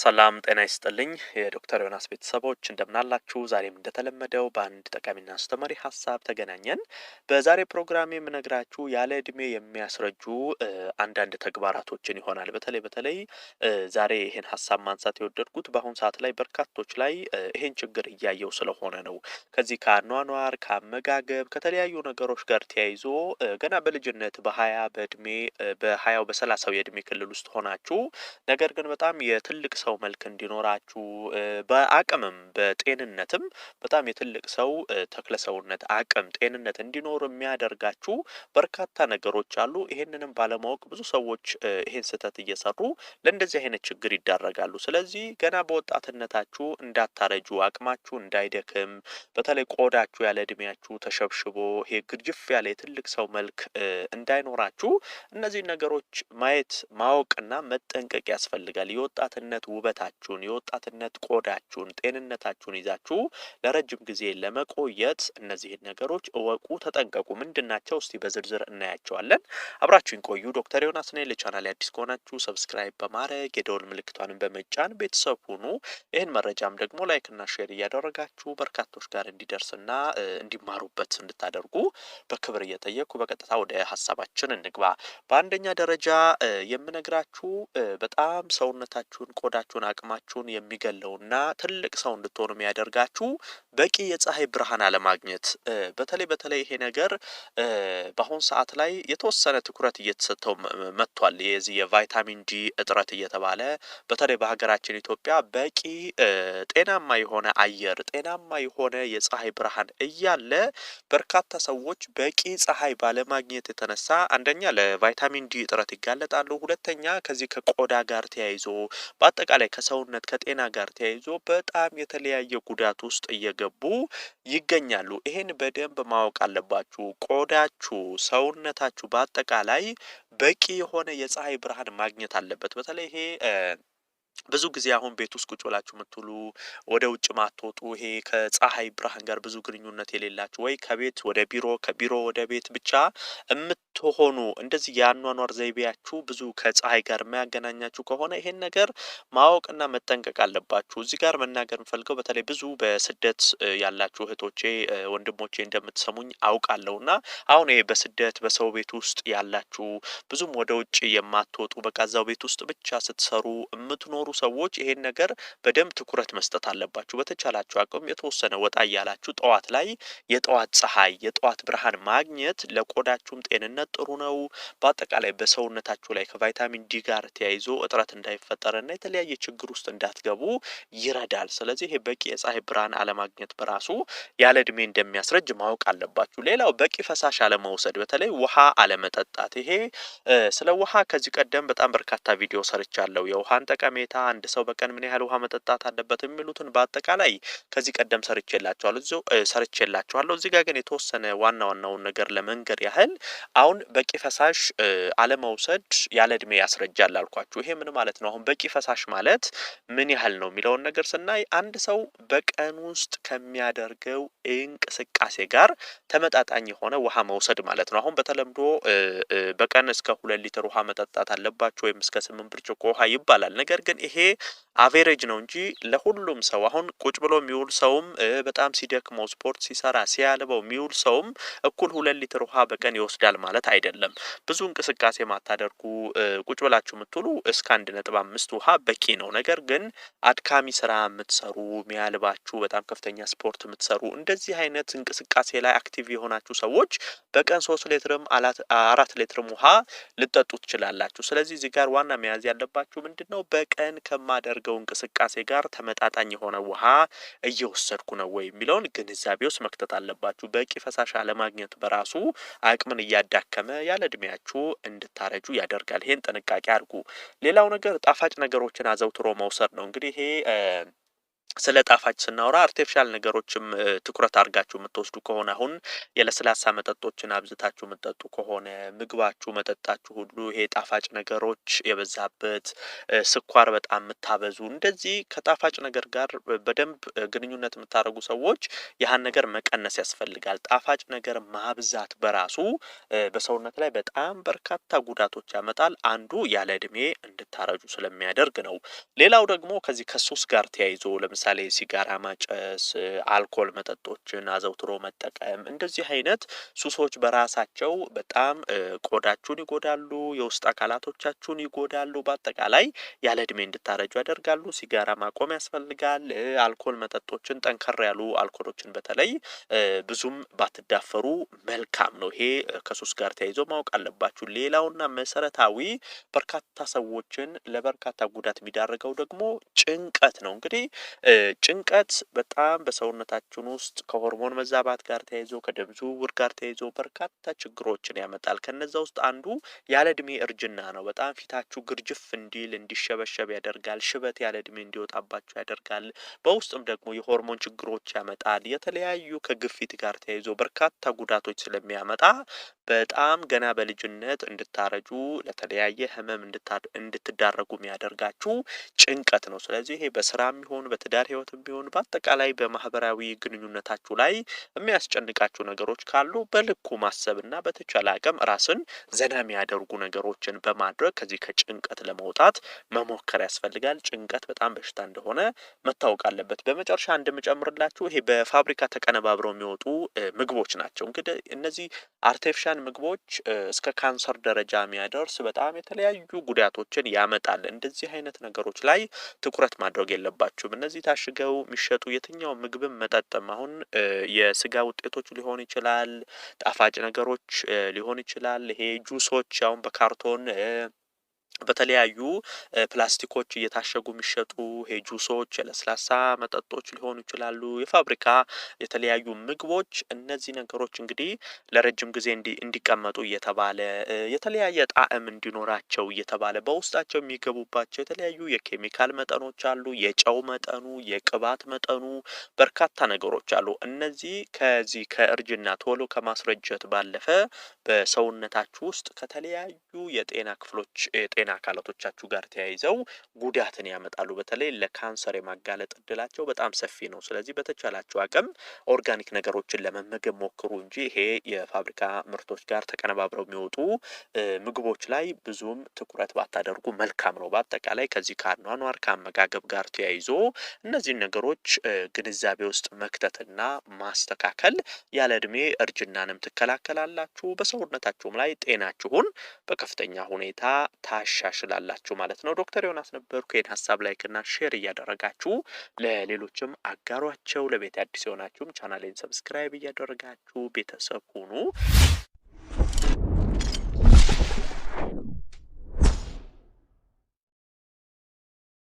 ሰላም ጤና ይስጥልኝ የዶክተር ዮናስ ቤተሰቦች እንደምናላችሁ፣ ዛሬም እንደተለመደው በአንድ ጠቃሚና አስተማሪ ሀሳብ ተገናኘን። በዛሬ ፕሮግራም የምነግራችሁ ያለ እድሜ የሚያስረጁ አንዳንድ ተግባራቶችን ይሆናል። በተለይ በተለይ ዛሬ ይህን ሀሳብ ማንሳት የወደድኩት በአሁን ሰዓት ላይ በርካቶች ላይ ይህን ችግር እያየው ስለሆነ ነው። ከዚህ ከአኗኗር ከአመጋገብ፣ ከተለያዩ ነገሮች ጋር ተያይዞ ገና በልጅነት በሀያ በእድሜ በሀያው በሰላሳው የእድሜ ክልል ውስጥ ሆናችሁ ነገር ግን በጣም የትልቅ ሰው መልክ እንዲኖራችሁ በአቅምም በጤንነትም በጣም የትልቅ ሰው ተክለ ሰውነት አቅም ጤንነት እንዲኖር የሚያደርጋችሁ በርካታ ነገሮች አሉ። ይህንንም ባለማወቅ ብዙ ሰዎች ይህን ስህተት እየሰሩ ለእንደዚህ አይነት ችግር ይዳረጋሉ። ስለዚህ ገና በወጣትነታችሁ እንዳታረጁ፣ አቅማችሁ እንዳይደክም፣ በተለይ ቆዳችሁ ያለ እድሜያችሁ ተሸብሽቦ ይሄ ግርጅፍ ያለ የትልቅ ሰው መልክ እንዳይኖራችሁ እነዚህን ነገሮች ማየት ማወቅና መጠንቀቅ ያስፈልጋል። የወጣትነት ውበታችሁን፣ የወጣትነት ቆዳችሁን፣ ጤንነታችሁን ይዛችሁ ለረጅም ጊዜ ለመቆየት እነዚህን ነገሮች እወቁ፣ ተጠንቀቁ። ምንድናቸው? እስቲ በዝርዝር እናያቸዋለን። አብራችሁን ቆዩ። ዶክተር ዮናስ ነኝ። ለቻናል አዲስ ከሆናችሁ ሰብስክራይብ በማድረግ የደወል ምልክቷንም በመጫን ቤተሰብ ሁኑ። ይህን መረጃም ደግሞ ላይክና ሼር እያደረጋችሁ በርካቶች ጋር እንዲደርስና እንዲማሩበት እንድታደርጉ በክብር እየጠየቅኩ በቀጥታ ወደ ሀሳባችን እንግባ። በአንደኛ ደረጃ የምነግራችሁ በጣም ሰውነታችሁን ቆዳ ጭንቅላታችሁን አቅማችሁን የሚገለውና ትልቅ ሰው እንድትሆኑ የሚያደርጋችሁ በቂ የፀሐይ ብርሃን አለማግኘት። በተለይ በተለይ ይሄ ነገር በአሁን ሰዓት ላይ የተወሰነ ትኩረት እየተሰጠው መጥቷል። የዚህ የቫይታሚን ዲ እጥረት እየተባለ በተለይ በሀገራችን ኢትዮጵያ በቂ ጤናማ የሆነ አየር ጤናማ የሆነ የፀሐይ ብርሃን እያለ በርካታ ሰዎች በቂ ፀሐይ ባለማግኘት የተነሳ አንደኛ ለቫይታሚን ዲ እጥረት ይጋለጣሉ። ሁለተኛ ከዚህ ከቆዳ ጋር ተያይዞ በአጠቃላይ አጠቃላይ ከሰውነት ከጤና ጋር ተያይዞ በጣም የተለያየ ጉዳት ውስጥ እየገቡ ይገኛሉ። ይህን በደንብ ማወቅ አለባችሁ። ቆዳችሁ፣ ሰውነታችሁ በአጠቃላይ በቂ የሆነ የፀሐይ ብርሃን ማግኘት አለበት። በተለይ ይሄ ብዙ ጊዜ አሁን ቤት ውስጥ ቁጭ ብላችሁ የምትውሉ ወደ ውጭ ማትወጡ ይሄ ከፀሐይ ብርሃን ጋር ብዙ ግንኙነት የሌላችሁ ወይ ከቤት ወደ ቢሮ ከቢሮ ወደ ቤት ብቻ የምትሆኑ እንደዚህ የአኗኗር ዘይቤያችሁ ብዙ ከፀሐይ ጋር የማያገናኛችሁ ከሆነ ይሄን ነገር ማወቅና መጠንቀቅ አለባችሁ። እዚህ ጋር መናገር የምፈልገው በተለይ ብዙ በስደት ያላችሁ እህቶቼ ወንድሞቼ እንደምትሰሙኝ አውቃለሁ እና አሁን ይሄ በስደት በሰው ቤት ውስጥ ያላችሁ ብዙም ወደ ውጭ የማትወጡ በቃ እዛው ቤት ውስጥ ብቻ ስትሰሩ የምትኖሩ የምትኖሩ ሰዎች ይሄን ነገር በደንብ ትኩረት መስጠት አለባችሁ። በተቻላችሁ አቅም የተወሰነ ወጣ እያላችሁ ጠዋት ላይ የጠዋት ፀሐይ የጠዋት ብርሃን ማግኘት ለቆዳችሁም ጤንነት ጥሩ ነው። በአጠቃላይ በሰውነታችሁ ላይ ከቫይታሚን ዲ ጋር ተያይዞ እጥረት እንዳይፈጠርና የተለያየ ችግር ውስጥ እንዳትገቡ ይረዳል። ስለዚህ ይሄ በቂ የፀሐይ ብርሃን አለማግኘት በራሱ ያለ እድሜ እንደሚያስረጅ ማወቅ አለባችሁ። ሌላው በቂ ፈሳሽ አለመውሰድ፣ በተለይ ውሃ አለመጠጣት። ይሄ ስለ ውሃ ከዚህ ቀደም በጣም በርካታ ቪዲዮ ሰርቻለሁ። የውሃን ጠቀሜታ አንድ ሰው በቀን ምን ያህል ውሃ መጠጣት አለበት የሚሉትን በአጠቃላይ ከዚህ ቀደም ሰርቼላችኋለሁ እዚሁ ሰርቼላችኋለሁ። እዚህ ጋር ግን የተወሰነ ዋና ዋናውን ነገር ለመንገድ ያህል አሁን በቂ ፈሳሽ አለመውሰድ ያለ እድሜ ያስረጃል አልኳችሁ። ይሄ ምን ማለት ነው? አሁን በቂ ፈሳሽ ማለት ምን ያህል ነው የሚለውን ነገር ስናይ አንድ ሰው በቀን ውስጥ ከሚያደርገው እንቅስቃሴ ጋር ተመጣጣኝ የሆነ ውሃ መውሰድ ማለት ነው። አሁን በተለምዶ በቀን እስከ ሁለት ሊትር ውሃ መጠጣት አለባቸው ወይም እስከ ስምንት ብርጭቆ ውሃ ይባላል። ነገር ግን ይሄ አቬሬጅ ነው እንጂ ለሁሉም ሰው አሁን ቁጭ ብሎ የሚውል ሰውም በጣም ሲደክመው ስፖርት ሲሰራ ሲያልበው የሚውል ሰውም እኩል ሁለት ሊትር ውሃ በቀን ይወስዳል ማለት አይደለም። ብዙ እንቅስቃሴ ማታደርጉ ቁጭ ብላችሁ የምትውሉ እስከ አንድ ነጥብ አምስት ውሃ በቂ ነው። ነገር ግን አድካሚ ስራ የምትሰሩ የሚያልባችሁ፣ በጣም ከፍተኛ ስፖርት የምትሰሩ እንደዚህ አይነት እንቅስቃሴ ላይ አክቲቭ የሆናችሁ ሰዎች በቀን ሶስት ሊትርም አራት ሊትርም ውሃ ልጠጡ ትችላላችሁ። ስለዚህ እዚህ ጋር ዋና መያዝ ያለባችሁ ምንድን ነው በቀን ቀን ከማደርገው እንቅስቃሴ ጋር ተመጣጣኝ የሆነ ውሃ እየወሰድኩ ነው ወይ የሚለውን ግንዛቤ ውስጥ መክተት አለባችሁ። በቂ ፈሳሽ አለማግኘት በራሱ አቅምን እያዳከመ ያለ እድሜያችሁ እንድታረጁ ያደርጋል። ይሄን ጥንቃቄ አድርጉ። ሌላው ነገር ጣፋጭ ነገሮችን አዘውትሮ መውሰድ ነው። እንግዲህ ይሄ ስለ ጣፋጭ ስናወራ አርቲፊሻል ነገሮችም ትኩረት አድርጋችሁ የምትወስዱ ከሆነ አሁን የለስላሳ መጠጦችን አብዝታችሁ የምትጠጡ ከሆነ ምግባችሁ፣ መጠጣችሁ ሁሉ ይሄ ጣፋጭ ነገሮች የበዛበት ስኳር በጣም የምታበዙ እንደዚህ ከጣፋጭ ነገር ጋር በደንብ ግንኙነት የምታደርጉ ሰዎች ያህን ነገር መቀነስ ያስፈልጋል። ጣፋጭ ነገር ማብዛት በራሱ በሰውነት ላይ በጣም በርካታ ጉዳቶች ያመጣል። አንዱ ያለ እድሜ እንድታረጁ ስለሚያደርግ ነው። ሌላው ደግሞ ከዚህ ከሱስ ጋር ተያይዞ ለምሳሌ ሲጋራ ማጨስ፣ አልኮል መጠጦችን አዘውትሮ መጠቀም፣ እንደዚህ አይነት ሱሶች በራሳቸው በጣም ቆዳችሁን ይጎዳሉ፣ የውስጥ አካላቶቻችሁን ይጎዳሉ። በአጠቃላይ ያለ እድሜ እንድታረጁ ያደርጋሉ። ሲጋራ ማቆም ያስፈልጋል። አልኮል መጠጦችን፣ ጠንከር ያሉ አልኮሎችን በተለይ ብዙም ባትዳፈሩ መልካም ነው። ይሄ ከሱስ ጋር ተያይዞ ማወቅ አለባችሁ። ሌላውና መሰረታዊ በርካታ ሰዎችን ለበርካታ ጉዳት የሚዳርገው ደግሞ ጭንቀት ነው። እንግዲህ ጭንቀት በጣም በሰውነታችን ውስጥ ከሆርሞን መዛባት ጋር ተያይዞ ከደም ዝውውር ጋር ተያይዞ በርካታ ችግሮችን ያመጣል። ከነዛ ውስጥ አንዱ ያለ እድሜ እርጅና ነው። በጣም ፊታችሁ ግርጅፍ እንዲል እንዲሸበሸብ ያደርጋል። ሽበት ያለ እድሜ እንዲወጣባችሁ ያደርጋል። በውስጥም ደግሞ የሆርሞን ችግሮች ያመጣል። የተለያዩ ከግፊት ጋር ተያይዞ በርካታ ጉዳቶች ስለሚያመጣ በጣም ገና በልጅነት እንድታረጁ ለተለያየ ህመም እንድትዳረጉ የሚያደርጋችሁ ጭንቀት ነው። ስለዚህ ይሄ በስራ የሚሆን በትዳ በትዳር ህይወትም ቢሆን በአጠቃላይ በማህበራዊ ግንኙነታችሁ ላይ የሚያስጨንቃችሁ ነገሮች ካሉ በልኩ ማሰብና በተቻለ አቅም ራስን ዘና የሚያደርጉ ነገሮችን በማድረግ ከዚህ ከጭንቀት ለመውጣት መሞከር ያስፈልጋል። ጭንቀት በጣም በሽታ እንደሆነ መታወቅ አለበት። በመጨረሻ እንደምጨምርላችሁ ይሄ በፋብሪካ ተቀነባብረው የሚወጡ ምግቦች ናቸው። እንግዲህ እነዚህ አርቴፊሻል ምግቦች እስከ ካንሰር ደረጃ የሚያደርስ በጣም የተለያዩ ጉዳቶችን ያመጣል። እንደዚህ አይነት ነገሮች ላይ ትኩረት ማድረግ የለባችሁም። እነዚህ ታሽገው የሚሸጡ የትኛው ምግብም መጠጥም አሁን የስጋ ውጤቶች ሊሆን ይችላል፣ ጣፋጭ ነገሮች ሊሆን ይችላል። ይሄ ጁሶች አሁን በካርቶን በተለያዩ ፕላስቲኮች እየታሸጉ የሚሸጡ ጁሶች፣ የለስላሳ መጠጦች ሊሆኑ ይችላሉ፣ የፋብሪካ የተለያዩ ምግቦች። እነዚህ ነገሮች እንግዲህ ለረጅም ጊዜ እንዲቀመጡ እየተባለ የተለያየ ጣዕም እንዲኖራቸው እየተባለ በውስጣቸው የሚገቡባቸው የተለያዩ የኬሚካል መጠኖች አሉ፣ የጨው መጠኑ፣ የቅባት መጠኑ፣ በርካታ ነገሮች አሉ። እነዚህ ከዚህ ከእርጅና ቶሎ ከማስረጀት ባለፈ በሰውነታችሁ ውስጥ ከተለያዩ የጤና ክፍሎች ከጤና አካላቶቻችሁ ጋር ተያይዘው ጉዳትን ያመጣሉ። በተለይ ለካንሰር የማጋለጥ እድላቸው በጣም ሰፊ ነው። ስለዚህ በተቻላችሁ አቅም ኦርጋኒክ ነገሮችን ለመመገብ ሞክሩ እንጂ ይሄ የፋብሪካ ምርቶች ጋር ተቀነባብረው የሚወጡ ምግቦች ላይ ብዙም ትኩረት ባታደርጉ መልካም ነው። በአጠቃላይ ከዚህ ከአኗኗር ከአመጋገብ ጋር ተያይዞ እነዚህን ነገሮች ግንዛቤ ውስጥ መክተትና ማስተካከል ያለ እድሜ እርጅናንም ትከላከላላችሁ። በሰውነታችሁም ላይ ጤናችሁን በከፍተኛ ሁኔታ ታሽ ታሻሽላላችሁ ማለት ነው። ዶክተር ዮናስ ነበርኩ። ይህን ሀሳብ ላይክና ሼር እያደረጋችሁ ለሌሎችም አጋሯቸው። ለቤት አዲስ የሆናችሁም ቻናሌን ሰብስክራይብ እያደረጋችሁ ቤተሰብ ሁኑ።